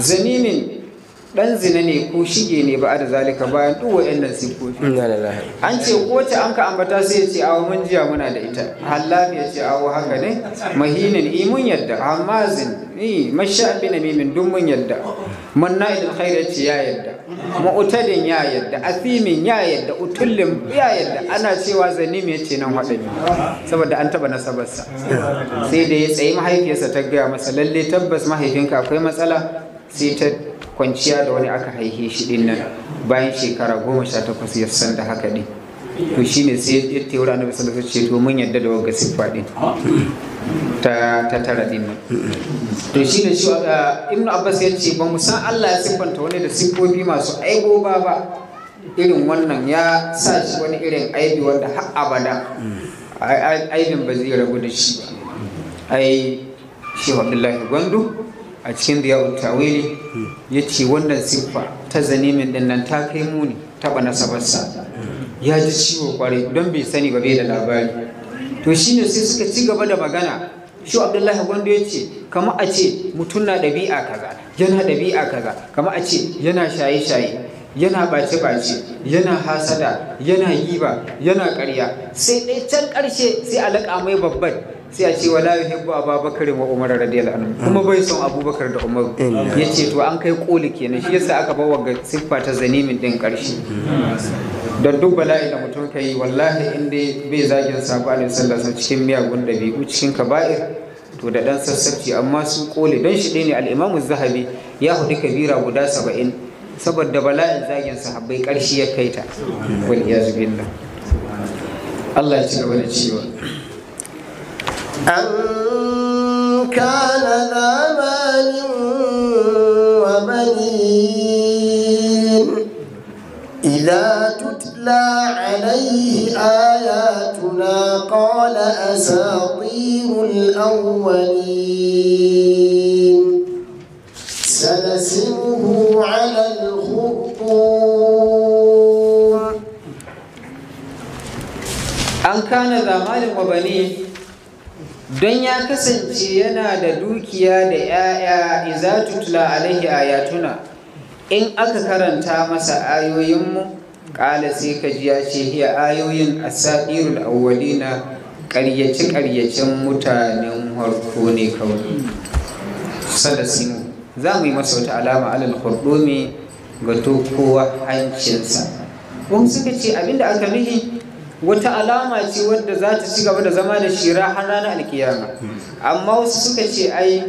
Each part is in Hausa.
zaninin dan zina ne ko shige ne ba da zalika bayan duk waɗannan sifofi an ce ko ta an ka ambata sai ya ce awo mun jiya muna da ita hallafi ya ce awo haka ne mahinin imun mun yadda hamazin i mashabi na mimin duk mun yadda manna idan khairaci ya yadda ma'utadin ya yadda asimin ya yadda utullin ya yadda ana cewa zanim ya ce nan waɗanne saboda an taɓa nasabarsa sai da ya tsayi mahaifiyarsa ta gaya masa lalle tabbas mahaifinka akwai matsala sai ta kwanciya da wani aka haihe shi ɗin bayan shekara goma sha takwas ya san da haka ɗin to ne sai ya ta annabi sallallahu alaihi wasallam ce to mun yadda da wagga siffa faɗi ta tara din nan to ne shi uh, ibnu abbas ya ce ba mu san Allah ya siffanta wani da siffofi masu aibo ba ba irin wannan ya sa shi wani irin aibi wanda har abada aibin ba zai rabu da shi ba. ai shi abdullahi gwandu a cikin da ya tawili ya ce wannan siffa ta zanimin min nan ta kai muni taɓa nasabarsa ya ji ciwo kwarai don bai sani ba bai da labari to shine sai suka ci gaba da magana shi abdullahi gwando ya ce kama a ce mutum na ɗabi'a kaza yana ɗabi'a kaza kama a ce yana shaye-shaye yana bace-bace yana hasada yana giba yana ƙarya sai ɗai can ƙarshe sai a alaƙa mai babban sai a ce wa wala yuhibbu abubakar wa umar radiyallahu anhu kuma bai son abubakar da umar ya ce to an kai koli kenan shi yasa aka bawa ga siffa ta zanimin ɗin ƙarshe Da duk bala'i da mutum ka yi wallahi in dai bai zagin sabo alaihi sallallahu cikin miyagun da biyu cikin kaba'ir to da dan sassabci amma su kole don shi ne al zahabi ya hudu kabira guda saba'in saboda bala'in zagin sahabbai karshe ya kai ta wal iyazu billah Allah ya ci gaba da cewa أن تتلى عليه آياتنا قال أساطير الأولين سنسمه على الخرطوم أن كان ذا مال وبنيه don ya kasance yana da dukiya da ‘ya'ya iza tutla alaihi ayatuna in aka karanta masa ayoyinmu ƙala sai ka ji ya ce hiya ayoyin asatirul awwalina ƙaryace ƙaryacen mutanen harko ne kawai sadasimu za mu yi masa wata alama alal hurdumi ga tokowa hancinsa wani suka ce abinda aka nuhi wata alama ce wadda za ta ci gaba da zama da shira har ranar alkiyama amma wasu suka ce ai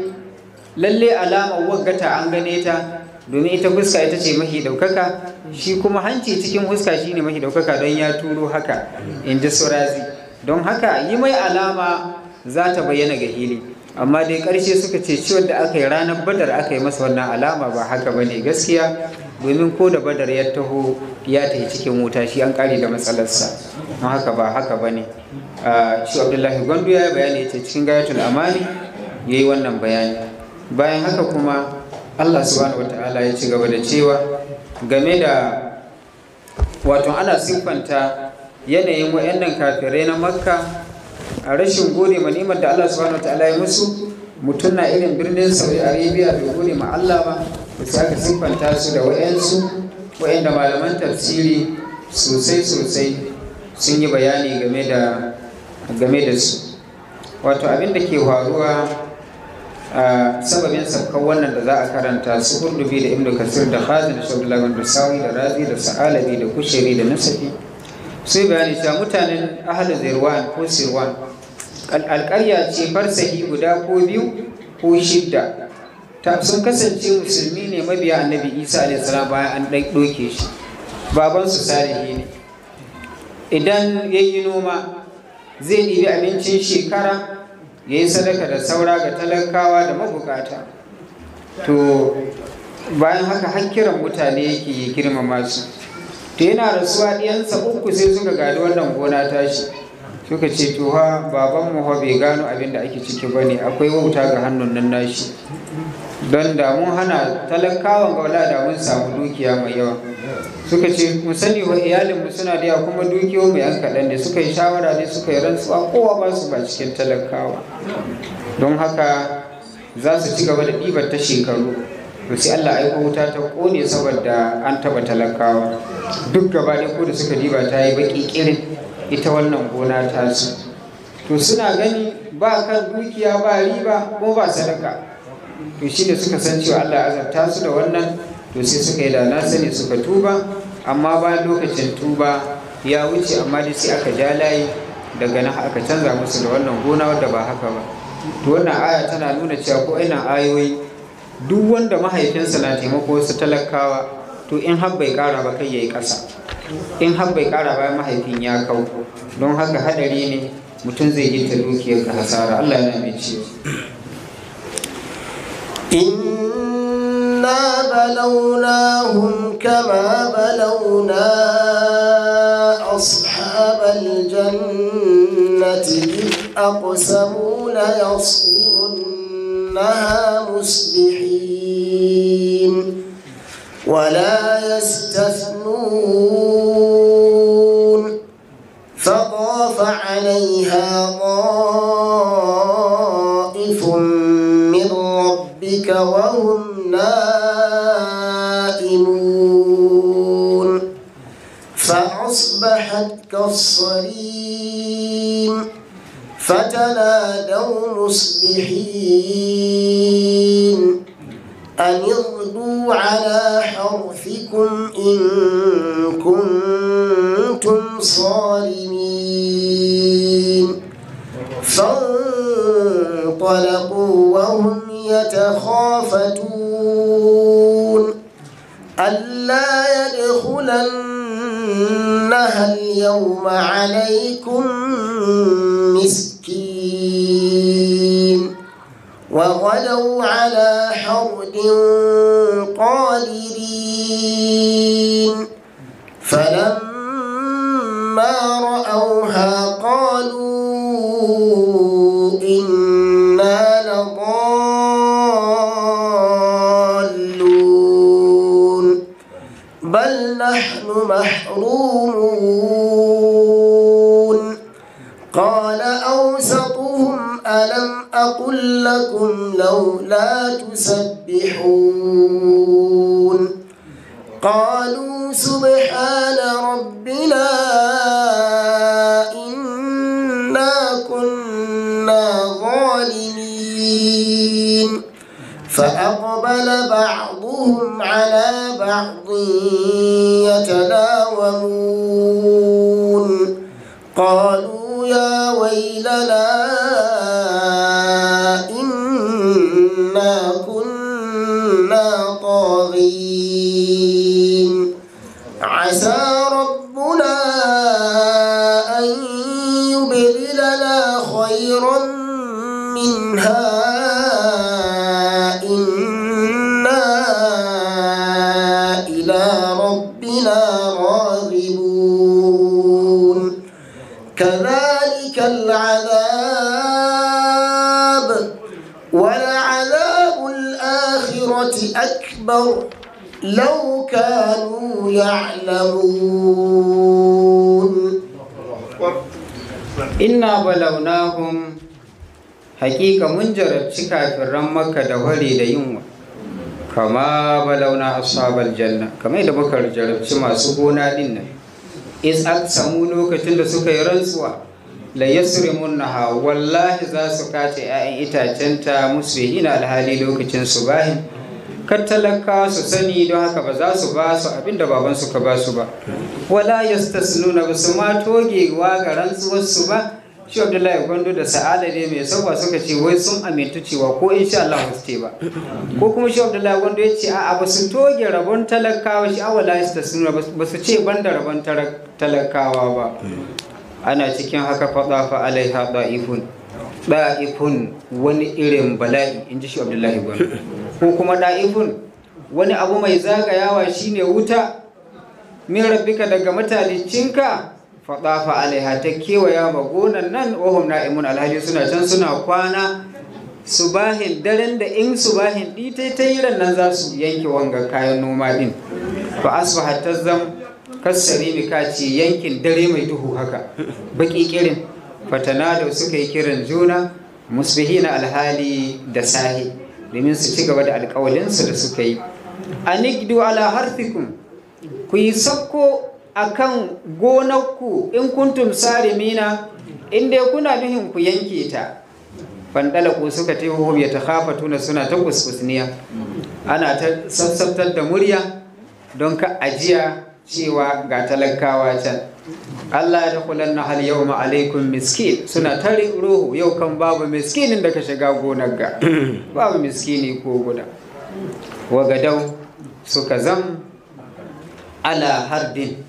lalle alama waggata an gane ta domin ita fuska ita ce mahi ɗaukaka shi kuma hanci cikin huska ne mahi ɗaukaka don ya turo haka in ji surazi don haka yi mai alama za ta bayyana ga hili amma dai ƙarshe suka ce ciwon da aka yi ranar badar aka yi masa wannan alama ba haka ba ne gaskiya domin ko da badar ya taho ya ta yi cikin wuta shi an ƙare da matsalarsa don haka ba haka ba ne shi abdullahi gwandu ya yi bayani ya ce cikin gayatul amani ya yi wannan bayani bayan haka kuma Allah subhanahu ya ci gaba da cewa game da wato ana siffanta yanayin wa'annan kafirai na makka a rashin gode ma ni'imar da Allah subhanahu wata'ala ya musu mutum na irin birnin saudi arabia bai gode ma Allah ba da su aka siffanta su da wa'ansu da malaman tafsiri sosai sosai sun yi bayani game da game da su wato abin da ke faruwa sababin sabkan wannan da za a karanta su hurdubi da ibnu kasir da khazin da shabdullah bin da razi da sa'alabi da kushiri da nasafi sai bayani ta mutanen ahalin zirwan ko sirwan alƙarya ce farsahi guda ko biyu ko shidda sun kasance musulmi ne mabiya annabi isa alaihissalam bayan an ɗauke shi babansu salihi ne idan ya yi noma zai ɗibi abincin shekara ya yi sadaka da saura ga talakawa da mabukata to bayan haka hankiran mutane yake yi girmama su to yana rasuwa ɗiyansa uku sai suka gadi wannan gona tashi suka ce to ha baban mu bai gano abin da ake ciki ba ne akwai wuta ga hannun nan nashi don da mun hana talakawan ga wani da mun samu dukiya mai yawa suka ce mu wa iyalin mu suna da ya kuma dukiyo mai an kaɗan ne suka yi shawara ne suka yi rantsuwa kowa ba su ba cikin talakawa don haka za su ci gaba da ɗibar ta shekaru to sai Allah aiko wuta ta kone saboda an taba talakawa duk gaba ɗaya ko da suka diba ta yi baki kirin ita wannan gona ta su to suna gani ba kan dukiya ba riba ko ba sadaka to shi ne suka san cewa Allah azabta su da wannan to sai suka yi da na sani suka tuba amma ba lokacin tuba ya wuce amma dai sai aka ja layi daga nan aka canza musu da wannan gona wanda ba haka ba to wannan aya tana nuna cewa ko ina ayoyi duk wanda mahaifinsa na taimako su talakawa to in har bai kara ba kai yayi ƙasa in har bai kara ba mahaifin ya kau don haka hadari ne mutum zai yi ta dukiyar ka hasara Allah ya nabi ce إنا بلوناهم كما بلونا أصحاب الجنة إذ أقسموا ليصرمنها مسبحين ولا يستثنون فطاف عليها ضار وهم نائمون فأصبحت كالصريم فتنادوا مصبحين أن اغدوا على حرثكم إن اليوم عليكم مسكين وغلوا على حرد قادرين فلما رأوها قالوا إنا لضالون بل نحن محرومون أقل لكم لولا تسبحون قالوا سبحان ربنا إنا كنا ظالمين فأقبل بعضهم على بعض يتلاومون قالوا يا ويلنا إنا كنا طاغين عسى ربنا أن يبدلنا خيرا منها إنا إلى ربنا راغبون كذلك العذاب ولا أكبر لو كانوا يعلمون إنا بلوناهم حقيقة منجرة كافر الرمكة دوري ديوم كما بلونا أصحاب الجنة كما إذا بكر جرب شما سبونا لنا إذ أقسموا لوكتن سكي رنسوا يسرمونها والله ذا za su kace 'ya'yan itacenta musbihina alhali lokacin subahin kar talaka su sani don haka ba za su ba su abin da baban suka ba su ba wala yastasnuna ba su ma togewa ga rantsuwar su ba shi abdullahi gwando da sa'ala ne mai sauwa suka ce wai sun amintu cewa ko insha Allah ba su ce ba ko kuma shi abdullahi gwando ya ce a'a ba su toge rabon talakawa shi awala yastasnuna ba su ce banda rabon talakawa ba hmm. ana cikin haka fada fa alaiha da'ifun ɗa'ifun wani irin bala'i in ji shi abdullahi gwamna ko kuma ɗa'ifun wani abu mai zagayawa shine wuta min rabbika daga matalicinka faɗafa alaiha ta kewaya magonan nan ohun na'imun Alhaji suna can suna kwana subahin daren da in subahin ɗi ta yi nan za su yanke wanga kayan noma ɗin fa zan kassari mika ce yankin dare mai duhu haka baƙi ƙirin. fatanado suka yi kiran juna musbihi na alhali da sahi domin su ci gaba da alkawalinsu da suka yi anigdu ala harfikun ku yi sakko kan gonarku in kuntum sarimina in dai kuna nuhin ku yanke ta ku suka ta yi ya tuna suna ta kuskusniya ana ta sassabtar da murya don ka ajiya cewa ga talakawa can Allah ya dakulan na hal yau ma'alaikun miskin suna tari ruhu yau kan babu miskinin da ka shiga gonar ga hmm. babu miskini ko guda wagadau suka zam ala hardin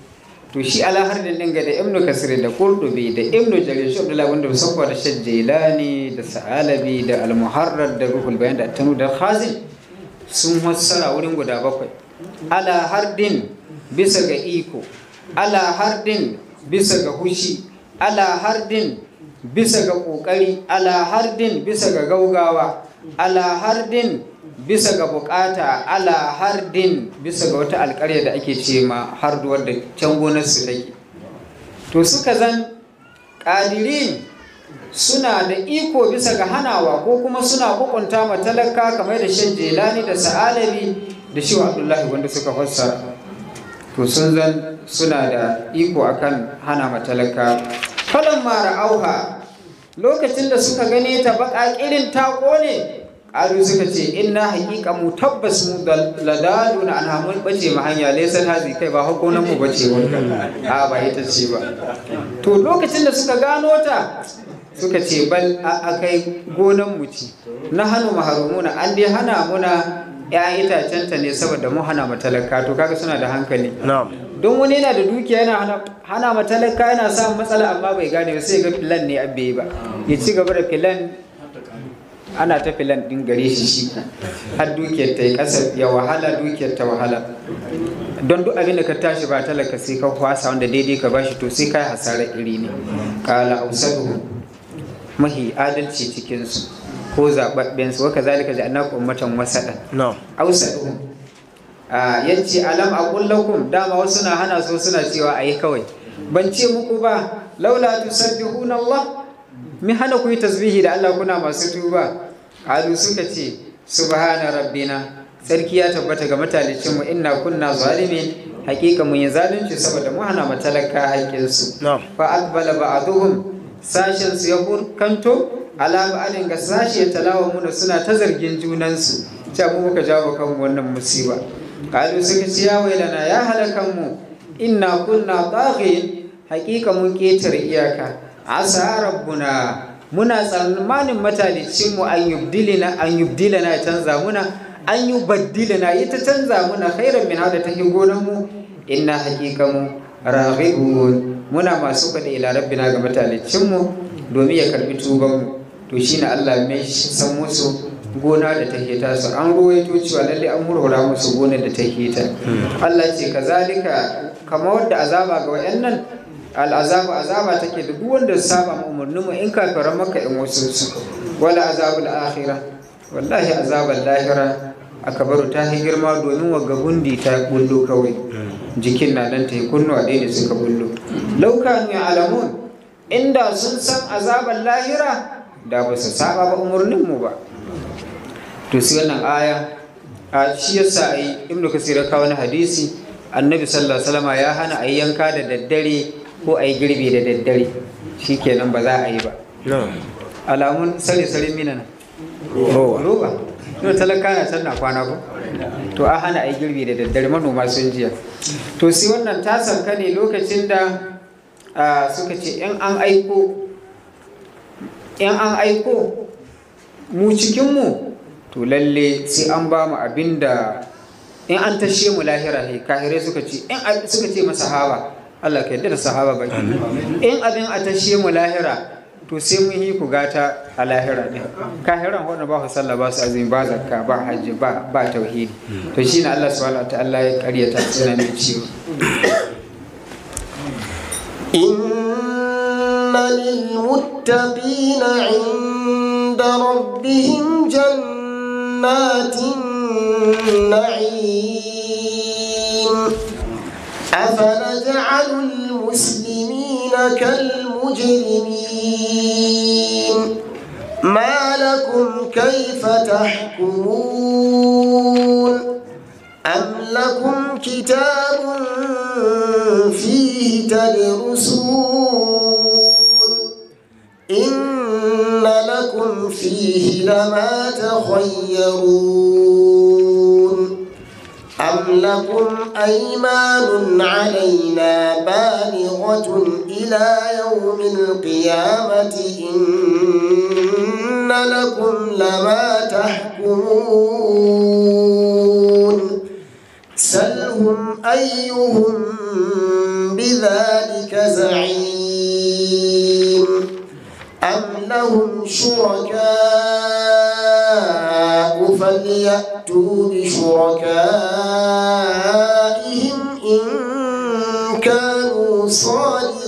to shi ala hardin din ga da ibnu kasir da qurdubi da ibnu jarir shi abdullahi wanda sun da shajjailani da sa'alabi da al-muharrar da ruhul bayan da tanu da khazin sun fassara wurin guda bakwai ala hardin bisa ga iko ala hardin bisa ga hushi ala bisa ga ƙoƙari ala hardin bisa ga gaugawa ala hardin bisa ga bukata ala hardin bisa ga wata alƙarya da ake ce ma harduwar wadda can gonar su take to suka zan ƙadirin suna da iko bisa ga hanawa ko kuma suna hukunta matalaka kamar da shan jelani da sa'alabi da shi wa abdullahi wanda suka fassara to sun zan suna da iko akan hana matalaka falon mara auha lokacin da suka gane ta baka irin ta kone ƙaru suka ce na haƙiƙa mu tabbas mu da ladalu na an hamun bace mu hanya lesan hazi kai ba hakonan mu bace wanka a ba ita ce ba to lokacin da suka gano ta suka ce bal a kai gonan mu ci na hannu maharumuna an dai hana muna 'ya'yan itacenta ne saboda mu hana matalaka to kaga suna da hankali don wani yana da dukiya yana hana matalaka yana samun matsala amma bai gane ba sai ga filan ne abbe ba ya ci gaba da filan ana ta filan din gare shi shi har dukiyar ta yi kasa ya wahala dukiyar ta wahala don duk abin da ka tashi ba talaka sai ka kwasa wanda daidai ka bashi to sai ka yi hasarar iri ne kala hausaru mahi adalci cikinsu ko zababben su waka zalika annaku ummatan wasadan no ausadum yanci alam aqul lakum dama wasu na hana so suna cewa ayi kawai ban ce muku ba laula tusabbihuna Allah mi hana ku yi tasbihi da Allah kuna masu tuba alu suka ce subhana rabbina sarki ya tabbata ga matalicin mu inna kunna zalimin hakika mun yi zalunci saboda mu hana matalaka haƙƙinsu fa aqbala ba'dhum sashin su ya burkanto alamu ba'alin ga sashi ya talawa muna suna ta zargin junansu ta mu muka jawo kanmu wannan musiba kalu suka ci ya wailana ya halakan mu inna kunna taghin haƙiƙa mun ƙetare iyaka asa rabbuna muna tsammanin matalicin mu an yubdilina an yubdilana ya canza muna an yubaddilana ya ta canza muna khairan min hada ta gonan mu inna haƙiƙa mu raghibun muna masu kwaɗe ila rabbina ga matalicin mu domin ya karɓi tuban to shi ne Allah mai san musu gona da ta heta su an ruwaito cewa lalle an murhura musu gona da ta heta Allah ce ka kazalika kamar wadda azaba ga nan. al'azaba azaba take da duk wanda saba mu umarni mu in kafara maka in wasu su wala azabu akhirah wallahi azabul lahira akabaru ta yi girma domin wagga gundi ta gundo kawai jikin na nan ta yi kunnuwa ɗaya da suka gundo lauka ne alamun inda sun san azabar lahira da ba su saba ba umarnin mu ba to sai wannan aya a shi yasa ai ibnu kasir ka wani hadisi annabi sallallahu alaihi wasallam ya hana a yanka da daddare ko a yi girbi da daddare shikenan ba za a yi ba alamun sare sare mina nan roba to talaka na sanna kwana ko to a hana a yi girbi da daddare manoma sun jiya to sai wannan ta sanka ne lokacin da suka ce in an aiko in an aiko mu cikinmu to lalle sai an ba mu abin da in an tashe mu lahira he kahirai suka ce in suka ce masa hawa Allah ka yadda da sahaba ba in abin a tashe mu lahira to sai mun yi ku gata a lahira ne kahiran wanda ba su sallah ba su azumi ba zakka ba hajji ba ba tauhidi hmm. to shine Allah subhanahu wa ta'ala ya karyata sunan ciwo للمتقين عند ربهم جنات النعيم أفنجعل المسلمين كالمجرمين ما لكم كيف تحكمون أم لكم كتاب فيه تدرسون إن لكم فيه لما تخيرون أم لكم أيمان علينا بالغة إلى يوم القيامة إن لكم لما تحكمون سلهم أيهم بذلك زعيم لهم شركاء فليأتوا بشركائهم إن كانوا صالحين